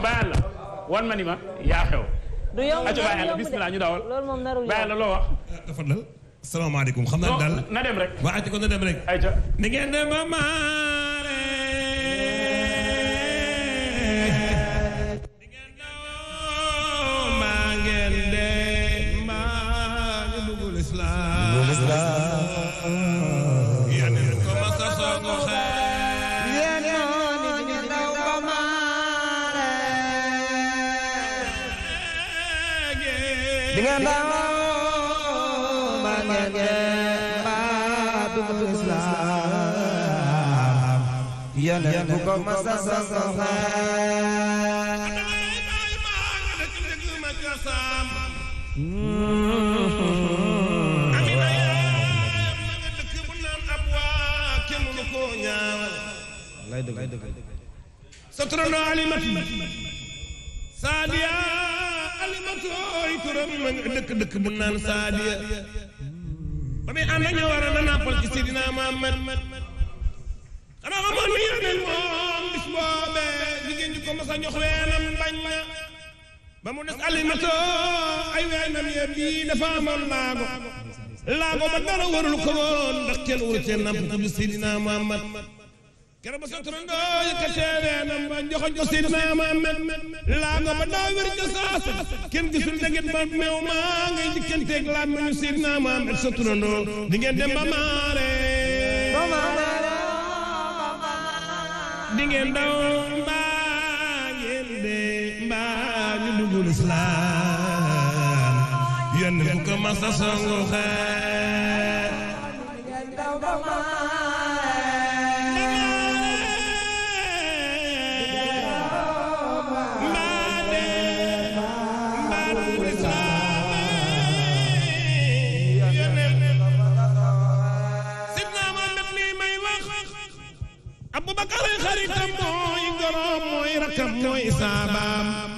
ma bàyyal la wan ma ni ma yaa xew. du yow mu narul bismillah ñu dawal loolu moom narul bàyyal la loo wax. Euh, dafa dal salaamaaleykum xam naa daal na dem rek. waa ayca ko na dem rek. ayca ni ngeen dem ba maare. ngeen baatu islaam yeneen bu ko mas a sasaam amina yaa ma nga dëkk bu naan ab waa kenn mënu koo ñaawal lay dëgg lay dëgg sa turandoo alimatu saadiya alimatu ooy turam ma nga dëkk dëkk bu naan saadiya bi ànd ak ña war a nàmpal ci Sidina Muhammad xanaa xamoon ni yoneen moom bis boobee jigéen ñi ko mos a jox weenam bañ na ba mu des alimato ay weenam yëpp yi dafa amoon laago laago ba dara warul ko woon ndax kenn wuru cee nàmp ci Sidina Muhammad kere ba sa turandoo yëkkatee weenam ba joxoñ ko Seydina Muhammad laa nga ba daaw wér ca saasa kenn gisul dangeen ba meew maa ngay njëkkanteeg laaj ma ñu Seydina Muhammad sa turandoo di ngeen dem ba maare di ngeen daw mbaa ngeen de mbaa ñu dugul islaam yenn bu ko masa songu xeer di ngeen daw ba rakam mooy saabaam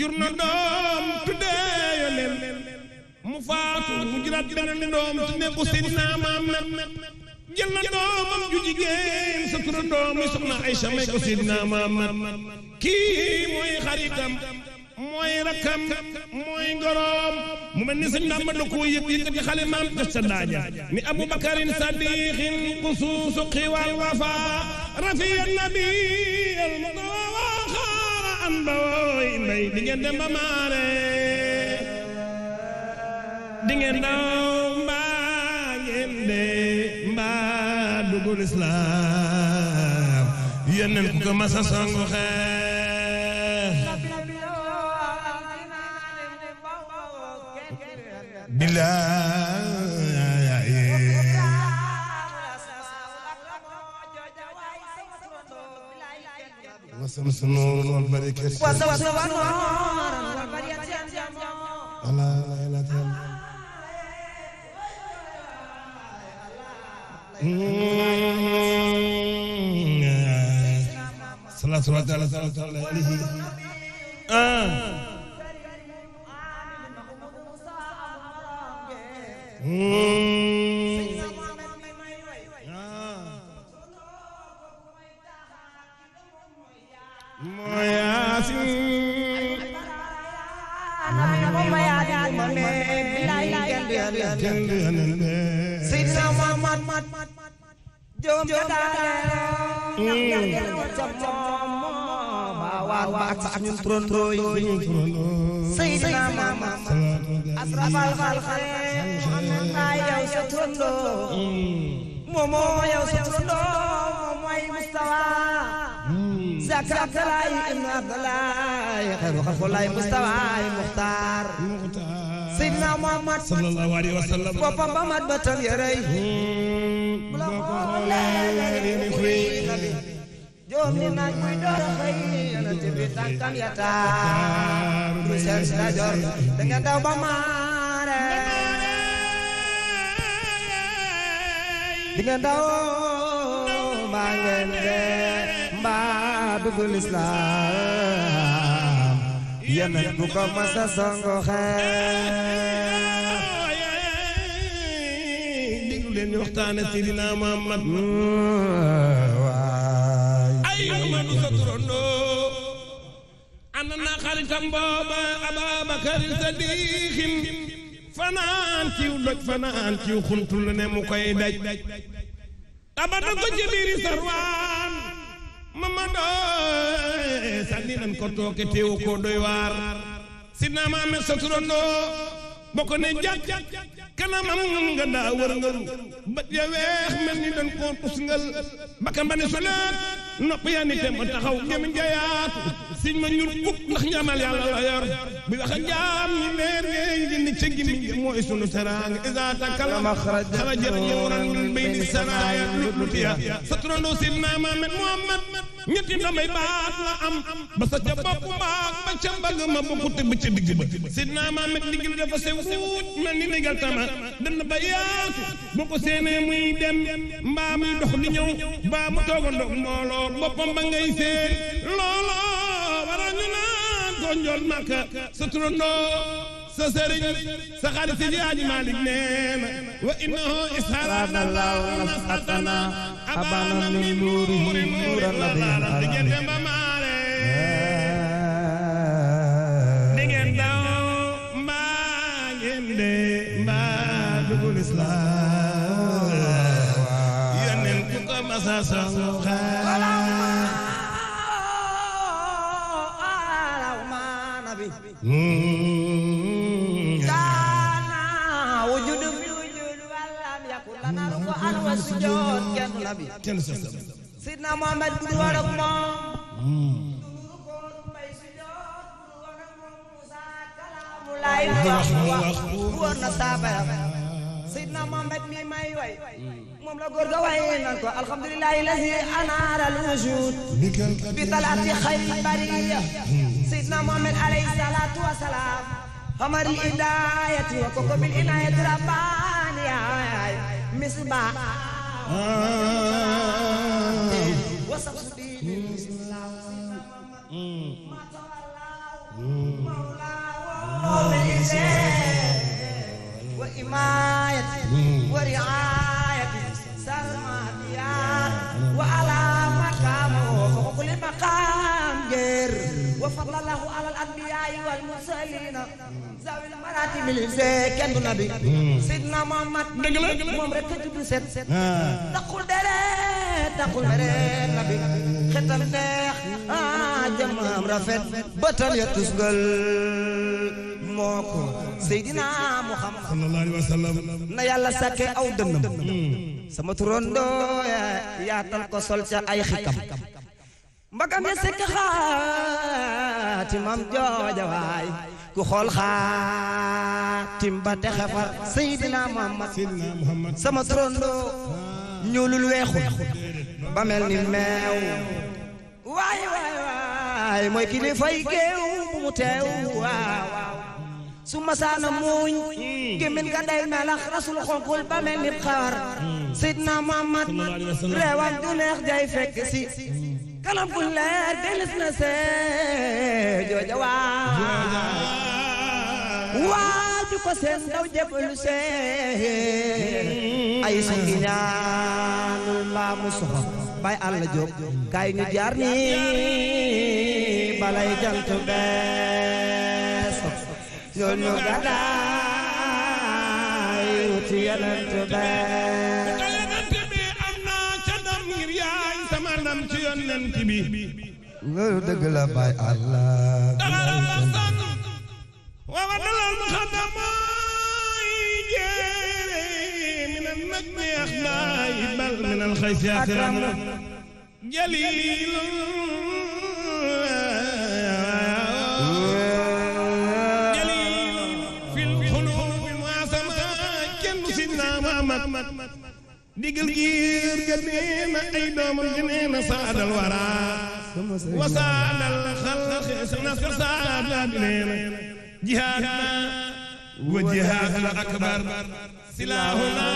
jur na doom tuddee yoneen mu faatu mu doom tudde ko seen saamaam nag jël na doomam ju jigéen sa doom yi soxna Aysa may ko seen naamaam nag kii mooy xaritam mooy rakkam mooy ngoroom mu mel ni sëñ Bamba da koo yëg yëkkati xale maam def sa daaja ni Abubakarin Sadiqin xusuusu xiiwal wafaa rafiya nabi al mudawa xaara an ba wooy mbay di ngeen ba maare di ngeen daw mbaa ngeen dee mbaa dugul islaam yónneen ku ko masa songu xeer الشمس نور والبركة والشمس نور على ليلة صلاة الله على صلاة الله عليه آه مم. joom jotaale waaw waaw ak ak ñun turandoo yi bi ñuy turandoo. Seydina Mama asrafal fal xale Muhammad Baay yow sa turandoo. moom moo yow sa turandoo moom mooy Mustafa. Zakaraay ibn Abdalaay xeeru xarfulaay Mustafa Muxtaar. Seydina Muhammad sallallahu alayhi wa sallam boppam ba mat ba tam yarey. boo ko xoolee weeri ni xuy joom ni naaj muy door a xëy yonent bi tànkam ya taaru muy seen si la jor da nga daw ba maare di nga daw mbaa ngeen dee mbaa duggul islaam yonent bu ko mas a songo xeex ngeen di waxtaane Seydina Muhammad ay Amadu fanaan ciw doj fanaan ciw xuntu lu ne mu koy daj abada ko ci biir sarwaan mamadoo sànni nan ko tooke teewu ko doy waar Seydina Muhammad sa turandoo bokk ne jàkk kanamam nga daa wërngalu bët ya weex mel ni dañ koo tusngal bakkan ba ne soleet na yaa nite ma taxaw gémmiñ ga yaatu siñ ma ñuul kukk ndax ñamal yàlla la yor bi wax a jaam ñi leer yeey gindi ci gémmiñ gi mooy sunu saraanga isa takala xarajat nuuran min bayni saraaya lutiya sa turandoo sidna Muhammad Muhammad ñetti damay baat la am ba sa ca bopp mbaag ba ca mbagg ma bokkute ba ca digg ba sidna Muhammad digg la dafa sew suut ni négal tama dana ba yaatu boo ko seenee muy dem mbaa muy dox ñëw mbaa mu toogandoo mbooloo root boppam ba ngay seen loola sa turandoo sa sëriñ sa xarit si jaaji Maalik nee na wa innahu isharana law nasatana abana nuura la la diggante daw mbaa ngeen de mbaa dugul islaam yónneen ku ko masa song daana mmm. wujud wujud wallam yakul lana ruku an wa sujud genn labi sidna Muhammad du war ak moom ay wax wax woon na saabaram Seydina Muhammad mi may way moom la góor ga waye nan ko alhamdulillahi lazi anaara al wujud bi talaati xaybariya سيدنا محمد عليه الصلاة والسلام أمر الإداية وكوكب الإناية ربانية مصباح وصف دين الإسلام ما تولوا مولاه وإمام المرسلين ذوي المراتب العليا kenn du nabi hmm. Seydina Muhammad dëgg la moom rek a tudd set set ah. daqul deret daqul deret nabi xetam neex ah jëmmam rafet bëtam ya tusgal moo ko Seydina Muhammad sallallahu alayhi wa sallam na yàlla sàkke aw dënnam hmm. sama turondo yaatal ko sol ca ay xikam mbagam ya sekk xaar xaatimam jooja waay ku xool xaatim ba te xefar Seydina Muhammad sama turandoo ñuulul weexu ba mel ni meew waay waay mooy kilifay géew bu mu teew waaw su masaana muuñ gémmin ga day melax rasul xonkul ba mel ni xawar Seydina Muhammad reewam du neex jay fekk si kalam bu leer delis na see jooja waa waaju ko seen ndaw jébbalu see ay suñu ñaanu laamu soxo bay àll jóg kaay ñu jaar nii balay jant bee sox yoon ñu gàddaay wuti yeneen bee ndam ci yonent bi loolu dëgg la bay Allah daxarasan wawa dalal xadamay jéere min al najmi axdaay bal min al xaysi akram jalilun mat digal giir ga nee na ay doomam ga nee na saadal waraas wa saadal la akbar silaahuna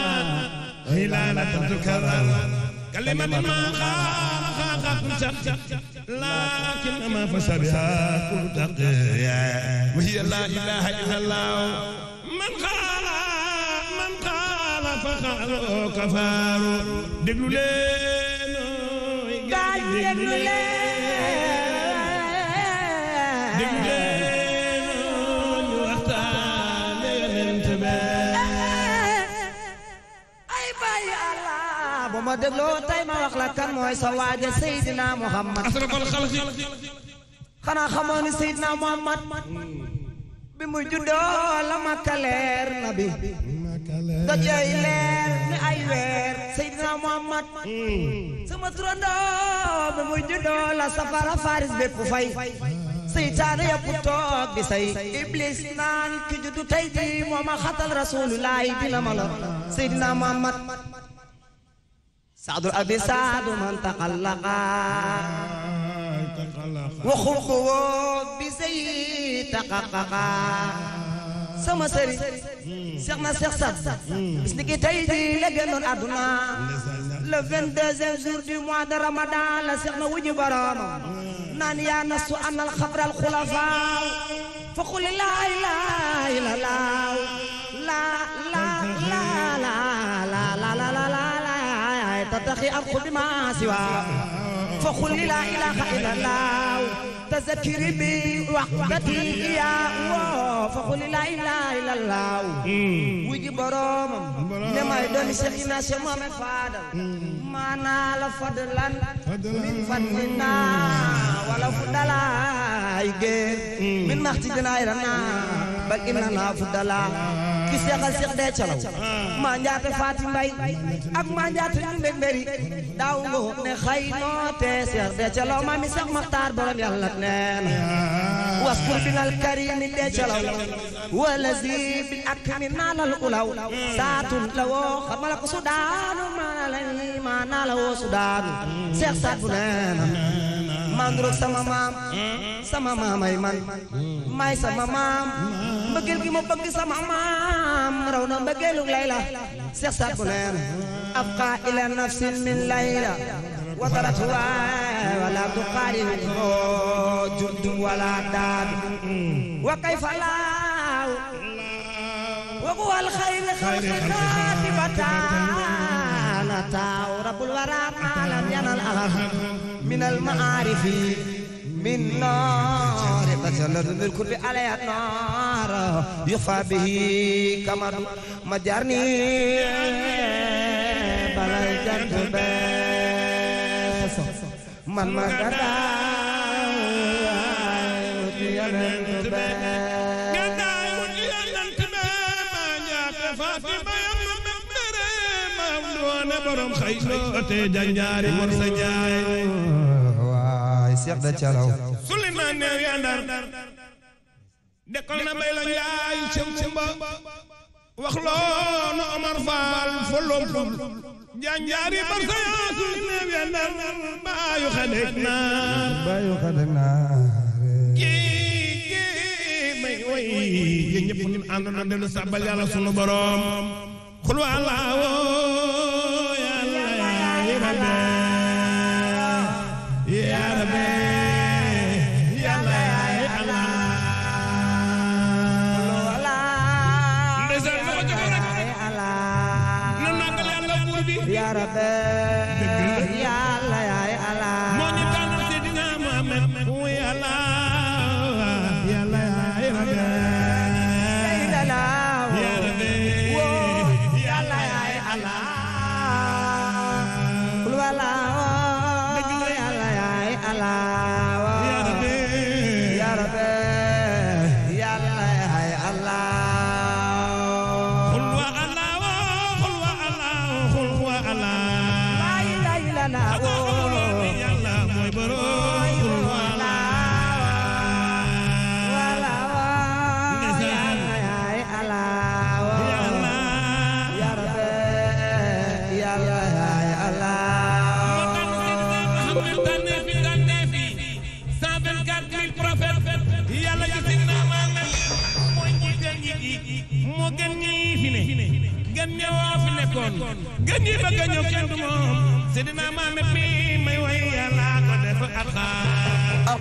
hilaala tukarar kalimati ma xaaxaat sax laakin ma fa sabiha kun taqiya wa hiya laa ilaaha illallaah man faxaloo kafaaru déglu leen gaay déglu leen déglu leen ñu waxtaane yonent be ay baay Allah bu ma dégloo tey wax la kan mooy sa waaja Seydina Muhammad asrafal xalqi xanaa xamoo ni Seydina Muhammad bi mu juddoo la ma nabi dojey leer ni ay weer Seydina Muhammad hmm. sama turandoo ba muy juddoo la safara faris bépp fay seytaane yëpp toog di say iblis naan ki juddu tey ji moo ma xatal rasulullahi dina ma la Seydina Muhammad saadu abi saadu man taqallaqa waxuquwoo bi say taqaqaqa sama sëriñ seex na seex sax ni ki la génnoon àdduna le vingt deuxième jour du mois de ramadan la seex na naan yaa nasu anal xabral xulafaaw fa xuli laa ilaaha illallaahu laa laa laa laa laa laa laa laa tattaxi al xubi maa laa zakir bi waxtati ya woo fa xuli laa ilaaha illallaahu wuji boroomam ne may doomi Cheikh Ignatius Mouhamed Fadal la fadlan min fadlina wala fu dalaay géen min maxti dinaay ranaa bal inna naa fu dalaa ki a seex dee calaw maa njaate faati mbay ak maa njaate ñu mbég mbéri daaw ngo ne xay noote seex dee calaw maa mi seex maxtaar borom yàlla neena waskur binal karimi dee calaw wala si bi ak mi naalal ulaw saatun la woo xamala ko sudaanu maa la ma naa sudaanu seex saat neena maa nduroog sama maam sama man maay sama maam mbëggeel gi ma bëgg sama maam raw na mbëggeelug layla seex saat bu neen abqa ila nafsin min layla wa tarat waay wala tuqaarin oo jurdum wala daad wa kayfa laaw wa huwa alxayri xalqi xaatibatan أتاه رب الورى ما لم ينل أهل من المعارف من نار تسلل بالكل عليها النار يخفى به كما مجرني بل الجنب بس من ما قدر يلنب بس borom xëy loo te janjaari war sa jaay waay seex da calaw sulli naa neew yaa ndar dekkal na bay la njaay sëm sëmba wax loo na Omar Fall fa lompul janjaari bar sa yaa sulli neew yaa ndar baayu xadeg naar baayu xadeg naar way yéen ñëpp ngeen ànd na dellu sàbbal yàlla sunu borom xul waa laawo يا رباه moo gën ñii fi ne gën ñëwoo fi nekkoon gën ñi bëgg a ñëw kenn du moom Seydina Maame bi may way yàlla ko def ak xaar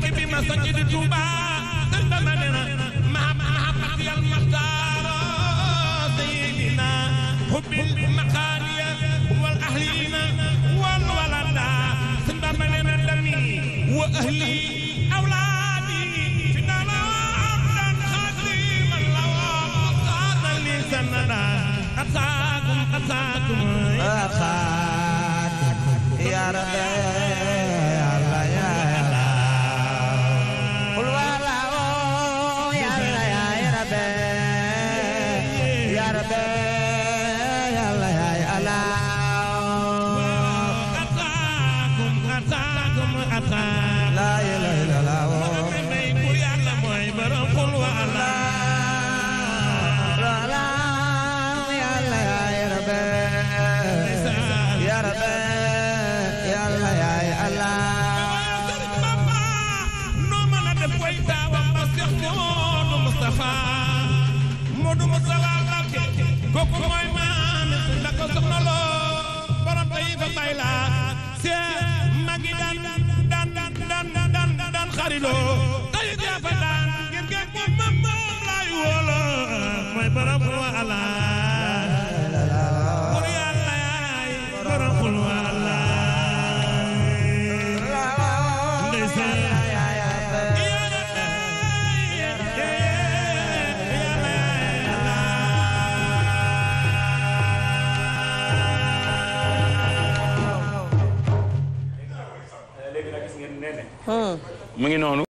dëkk bi ma soññ di Touba sëñ ba ma ne na mahab mahabat yal maxtaara sayidina xubbil maqaaniya wal ahlina wal walada sëñ ba ma ne na dami wa ahli awlaadi fi nala abdan xadiman lawa qaana li sanada asaakum asaakum ya rabbi mooy maam la ko soxna loo borom tey fa bay la mu ngi noonu